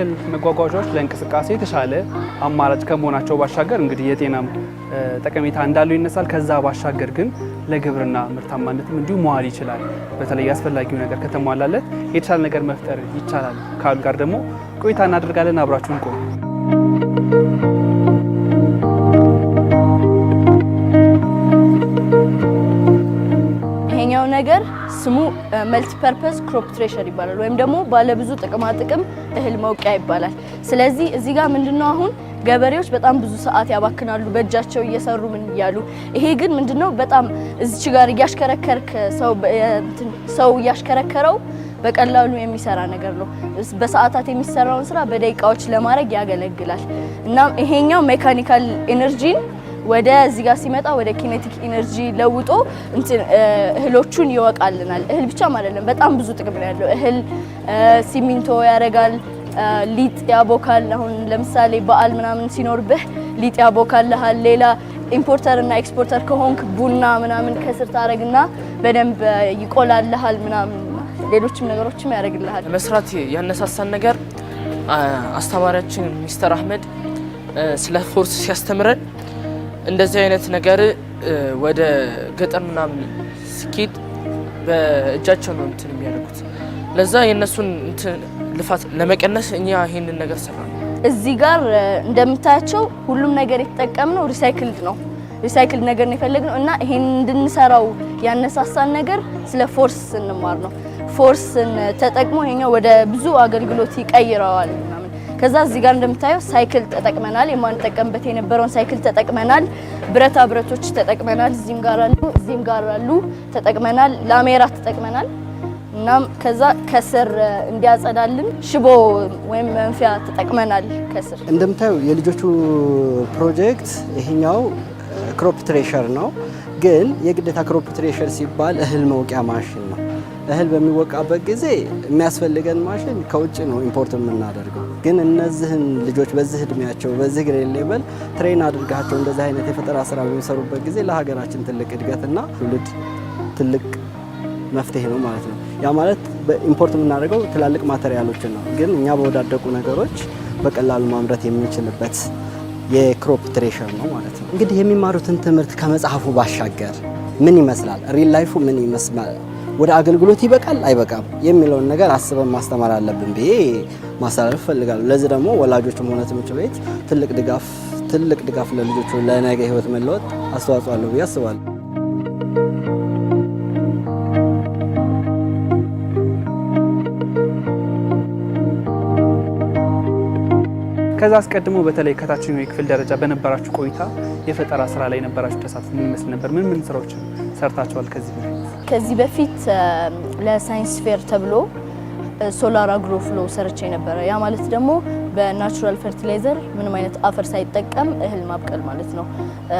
ሳይክል መጓጓዣዎች ለእንቅስቃሴ የተሻለ አማራጭ ከመሆናቸው ባሻገር እንግዲህ የጤና ጠቀሜታ እንዳለው ይነሳል። ከዛ ባሻገር ግን ለግብርና ምርታማነትም እንዲሁ መዋል ይችላል። በተለይ አስፈላጊው ነገር ከተሟላለት የተሻለ ነገር መፍጠር ይቻላል ካሉ ጋር ደግሞ ቆይታ እናደርጋለን። አብራችሁን ቆዩ። ስሙ መልቲ ፐርፐዝ ክሮፕ ትሬሸር ይባላል፣ ወይም ደግሞ ባለብዙ ጥቅማ ጥቅም እህል መውቂያ ይባላል። ስለዚህ እዚህ ጋር ምንድነው አሁን ገበሬዎች በጣም ብዙ ሰዓት ያባክናሉ በእጃቸው እየሰሩ ምን እያሉ። ይሄ ግን ምንድነው በጣም እዚች ጋር እያሽከረከርክ ሰው እያሽከረከረው በቀላሉ የሚሰራ ነገር ነው። በሰዓታት የሚሰራውን ስራ በደቂቃዎች ለማድረግ ያገለግላል። እናም ይሄኛው ሜካኒካል ኤነርጂን ወደ እዚህ ጋር ሲመጣ ወደ ኪኔቲክ ኢነርጂ ለውጦ እህሎቹን ይወቃልናል። እህል ብቻም አይደለም፣ በጣም ብዙ ጥቅም ነው ያለው። እህል ሲሚንቶ ያደርጋል፣ ሊጥ ያቦካል። አሁን ለምሳሌ በዓል ምናምን ሲኖርብህ ሊጥ ያቦካልሃል። ሌላ ኢምፖርተር እና ኤክስፖርተር ከሆንክ ቡና ምናምን ከስር ታደርግና በደንብ ይቆላልሃል ምናምን፣ ሌሎችም ነገሮችም ያደርግልሃል። መስራት ያነሳሳን ነገር አስተማሪያችን ሚስተር አህመድ ስለ ፎርስ ሲያስተምረን እንደዚህ አይነት ነገር ወደ ገጠር ምናምን ስኬድ በእጃቸው ነው እንትን የሚያደርጉት። ለዛ የእነሱን ልፋት ለመቀነስ እኛ ይሄንን ነገር ሰራ ነው። እዚህ ጋር እንደምታያቸው ሁሉም ነገር የተጠቀምነው ሪሳይክልድ ነው። ሪሳይክልድ ነገር ነው የፈለግነው እና ይሄን እንድንሰራው ያነሳሳን ነገር ስለ ፎርስ ስንማር ነው። ፎርስን ተጠቅሞ ይሄኛው ወደ ብዙ አገልግሎት ይቀይረዋል። ከዛ እዚህ ጋር እንደምታየው ሳይክል ተጠቅመናል። የማንጠቀምበት የነበረውን ሳይክል ተጠቅመናል። ብረታ ብረቶች ተጠቅመናል። እዚህም ጋር አሉ፣ እዚህም ጋር አሉ ተጠቅመናል። ላሜራ ተጠቅመናል። እናም ከዛ ከስር እንዲያጸዳልን ሽቦ ወይም መንፊያ ተጠቅመናል። ከስር እንደምታዩ የልጆቹ ፕሮጀክት ይሄኛው ክሮፕ ትሬሸር ነው። ግን የግዴታ ክሮፕ ትሬሸር ሲባል እህል መውቂያ ማሽን ነው እህል በሚወቃበት ጊዜ የሚያስፈልገን ማሽን ከውጭ ነው ኢምፖርት የምናደርገው። ግን እነዚህን ልጆች በዚህ እድሜያቸው በዚህ ግሬ ሌበል ትሬን አድርጋቸው እንደዚህ አይነት የፈጠራ ስራ በሚሰሩበት ጊዜ ለሀገራችን ትልቅ እድገትና ትውልድ ትልቅ መፍትሄ ነው ማለት ነው። ያ ማለት በኢምፖርት የምናደርገው ትላልቅ ማቴሪያሎችን ነው። ግን እኛ በወዳደቁ ነገሮች በቀላሉ ማምረት የምንችልበት የክሮፕ ትሬሸር ነው ማለት ነው። እንግዲህ የሚማሩትን ትምህርት ከመጽሐፉ ባሻገር ምን ይመስላል? ሪል ላይፉ ምን ይመስላል ወደ አገልግሎት ይበቃል አይበቃም የሚለውን ነገር አስበን ማስተማር አለብን ብዬ ማሳለፍ እፈልጋለሁ። ለዚህ ደግሞ ወላጆች ሆነ ትምህርት ቤት ትልቅ ድጋፍ ትልቅ ድጋፍ ለልጆቹ ለነገ ህይወት መለወጥ አስተዋጽኦ አለው ብዬ አስባለሁ። ከዛ አስቀድሞ በተለይ ከታችኛው የክፍል ደረጃ በነበራችሁ ቆይታ የፈጠራ ስራ ላይ የነበራችሁ ተሳትፎ ምን ይመስል ነበር? ምን ምን ስራዎችን ሰርታችኋል ከዚህ ከዚህ በፊት ለሳይንስ ፌር ተብሎ ሶላር አግሮ ፍሎ ሰርቼ ነበረ። ያ ማለት ደግሞ በናቹራል ፈርቲላይዘር ምንም አይነት አፈር ሳይጠቀም እህል ማብቀል ማለት ነው።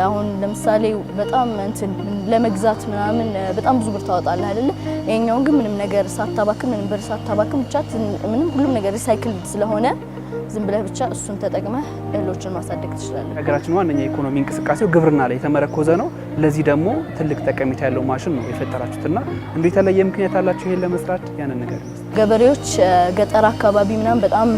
አሁን ለምሳሌ በጣም እንትን ለመግዛት ምናምን በጣም ብዙ ብር ታወጣለህ አይደለ? ይሄኛውን ግን ምንም ነገር ሳታባክም፣ ምንም ብር ሳታባክም ብቻ ምንም ሁሉም ነገር ሳይክል ስለሆነ ዝም ብለህ ብቻ እሱን ተጠቅመህ እህሎችን ማሳደግ ትችላለህ። ሀገራችን ዋነኛ የኢኮኖሚ እንቅስቃሴው ግብርና ላይ የተመረኮዘ ነው። ለዚህ ደግሞ ትልቅ ጠቀሜታ ያለው ማሽን ነው የፈጠራችሁትና እንደ የተለየ ምክንያት አላቸው ይሄን ለመስራት ያንን ነገር ገበሬዎች ገጠር አካባቢ ምናምን በጣም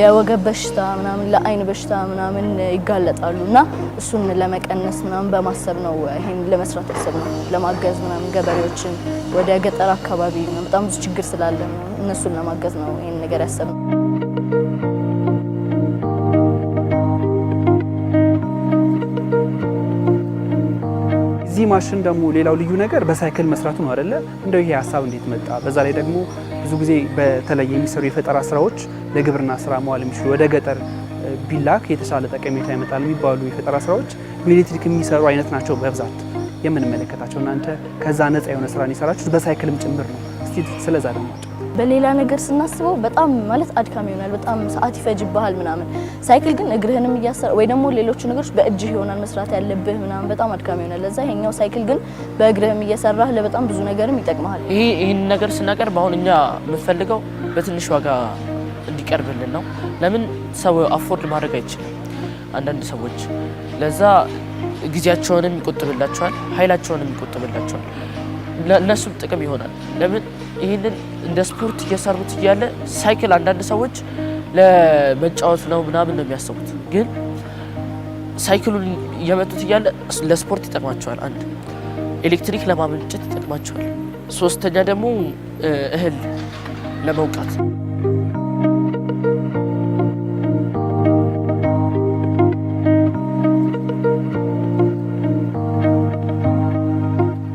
የወገብ በሽታ ምናምን ለአይን በሽታ ምናምን ይጋለጣሉ እና እሱን ለመቀነስ ምናምን በማሰብ ነው ይሄን ለመስራት ያሰብ ለማገዝ ምናምን ገበሬዎችን ወደ ገጠር አካባቢ በጣም ብዙ ችግር ስላለ እነሱን ለማገዝ ነው ይሄን ነገር ያሰብ የዚህ ማሽን ደግሞ ሌላው ልዩ ነገር በሳይክል መስራቱ ነው አይደለ? እንደው ይሄ ሀሳብ እንዴት መጣ? በዛ ላይ ደግሞ ብዙ ጊዜ በተለይ የሚሰሩ የፈጠራ ስራዎች ለግብርና ስራ መዋል የሚችሉ ወደ ገጠር ቢላክ የተሻለ ጠቀሜታ ይመጣል የሚባሉ የፈጠራ ስራዎች በኤሌክትሪክ የሚሰሩ አይነት ናቸው በብዛት የምንመለከታቸው። እናንተ ከዛ ነፃ የሆነ ስራ የሰራችሁት በሳይክልም ጭምር ነው። እስቲ ስለዛ ደግሞ በሌላ ነገር ስናስበው በጣም ማለት አድካሚ ይሆናል። በጣም ሰዓት ይፈጅብሃል ምናምን። ሳይክል ግን እግርህንም እያሰራ ወይ ደግሞ ሌሎቹ ነገሮች በእጅህ ይሆናል መስራት ያለብህ ምናምን፣ በጣም አድካሚ ይሆናል። ለዛ ይሄኛው ሳይክል ግን በእግርህም እየሰራህ ለበጣም ብዙ ነገርም ይጠቅመሃል። ይሄ ይህን ነገር ስናቀርብ አሁን እኛ የምንፈልገው በትንሽ ዋጋ እንዲቀርብልን ነው። ለምን ሰው አፎርድ ማድረግ አይችልም አንዳንድ ሰዎች ለዛ ጊዜያቸውንም ይቆጥብላቸዋል፣ ኃይላቸውንም ይቆጥብላቸዋል። ለእነሱም ጥቅም ይሆናል ለምን ይህንን እንደ ስፖርት እየሰሩት እያለ ሳይክል አንዳንድ ሰዎች ለመጫወት ነው ምናምን ነው የሚያስቡት፣ ግን ሳይክሉን እየመጡት እያለ ለስፖርት ይጠቅማቸዋል። አንድ ኤሌክትሪክ ለማመንጨት ይጠቅማቸዋል። ሶስተኛ ደግሞ እህል ለመውቃት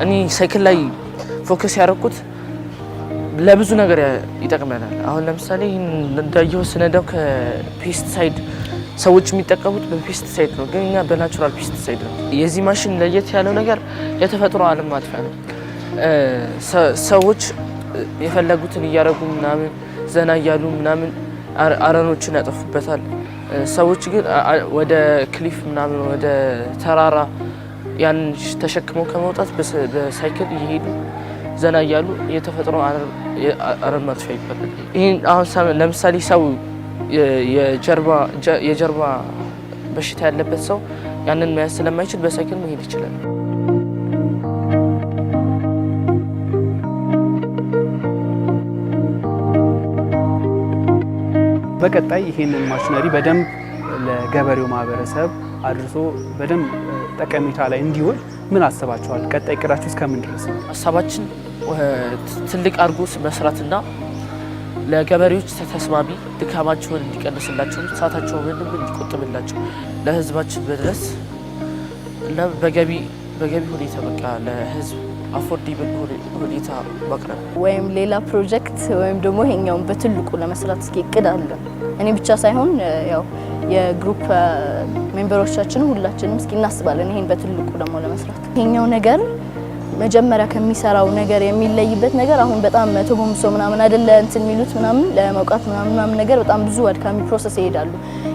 እኔ ሳይክል ላይ ፎከስ ያደረኩት ለብዙ ነገር ይጠቅመናል። አሁን ለምሳሌ ይህን እንዳየሁ ስነዳው ከፔስቲሳይድ ሰዎች የሚጠቀሙት በፔስቲሳይድ ነው፣ ግን እኛ በናቹራል ፔስቲሳይድ ነው። የዚህ ማሽን ለየት ያለው ነገር የተፈጥሮ አለም ማጥፊያ ነው። ሰዎች የፈለጉትን እያደረጉ ምናምን ዘና እያሉ ምናምን አረኖችን ያጠፉበታል። ሰዎች ግን ወደ ክሊፍ ምናምን ወደ ተራራ ያን ተሸክመው ከመውጣት በሳይክል እየሄዱ ዘና እያሉ የተፈጥሮ አረም መጥፊያ ይባላል። ይህን አሁን ለምሳሌ ሰው የጀርባ በሽታ ያለበት ሰው ያንን መያዝ ስለማይችል በሳይክል መሄድ ይችላል። በቀጣይ ይህንን ማሽነሪ በደንብ ለገበሬው ማህበረሰብ አድርሶ በደንብ ጠቀሜታ ላይ እንዲውል ምን አስባችኋል? ቀጣይ እቅዳችሁ እስከምን ድረስ ነው? ሀሳባችን ትልቅ አድርጎ መስራትና ለገበሬዎች ተስማሚ ድካማቸውን እንዲቀንስላቸው ሰዓታቸውንም እንዲቆጥብላቸው ለህዝባችን መድረስ እና በገቢ በገቢ ሁኔታ በቃ ለህዝብ አፎርዴብል ሁኔታ ማቅረብ ወይም ሌላ ፕሮጀክት ወይም ደግሞ ይሄኛውን በትልቁ ለመስራት እስኪ እቅድ አለ። እኔ ብቻ ሳይሆን ያው የግሩፕ ሜምበሮቻችን ሁላችንም እስኪ እናስባለን፣ ይሄን በትልቁ ደግሞ ለመስራት ይሄኛው ነገር መጀመሪያ ከሚሰራው ነገር የሚለይበት ነገር አሁን በጣም ተጎምሶ ምናምን አይደለ እንትን የሚሉት ምናምን ለመውቃት ምናምን ምናምን ነገር በጣም ብዙ አድካሚ ፕሮሰስ ይሄዳሉ።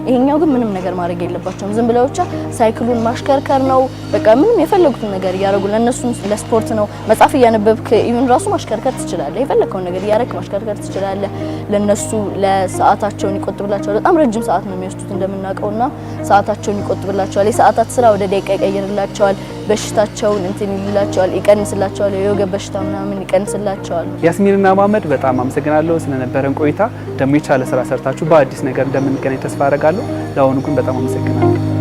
ይሄኛው ግን ምንም ነገር ማድረግ የለባቸውም። ዝም ብለው ብቻ ሳይክሉን ማሽከርከር ነው በቃ ምንም የፈለጉትን ነገር እያደረጉ ለእነሱ ለስፖርት ነው። መጽሐፍ እያነበብክ ኢቭን ራሱ ማሽከርከር ትችላለህ። የፈለግከውን ነገር እያደረግክ ማሽከርከር ትችላለህ። ለእነሱ ለሰዓታቸውን ይቆጥብላቸዋል። በጣም ረጅም ሰዓት ነው የሚወስዱት እንደምናውቀውና ሰዓታቸውን ይቆጥብላቸዋል። የሰዓታት ስራ ወደ ደቂቃ ይቀይርላቸዋል። በሽታቸውን እንትን ይላቸዋል፣ ይቀንስላቸዋል። የወገብ በሽታ ምናምን ይቀንስላቸዋል። ያስሚንና ማመድ በጣም አመሰግናለሁ ስለነበረን ቆይታ። ደግሞ የቻለ ስራ ሰርታችሁ በአዲስ ነገር እንደምንገናኝ ተስፋ አደርጋለሁ። ለአሁኑ ግን በጣም አመሰግናለሁ።